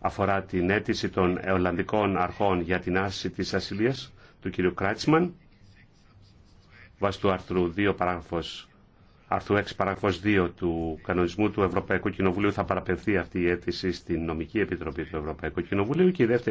αφορά την αίτηση των Ολλανδικών αρχών για την άσκηση της ασυλίας του κ. Κράτσμαν βάσει του άρθρου 2 παράγραφος 6 παράγραφος 2 του κανονισμού του Ευρωπαϊκού Κοινοβουλίου θα παραπευθεί αυτή η αίτηση στην νομική επιτροπή του Ευρωπαϊκού Κοινοβουλίου και η δεύτερη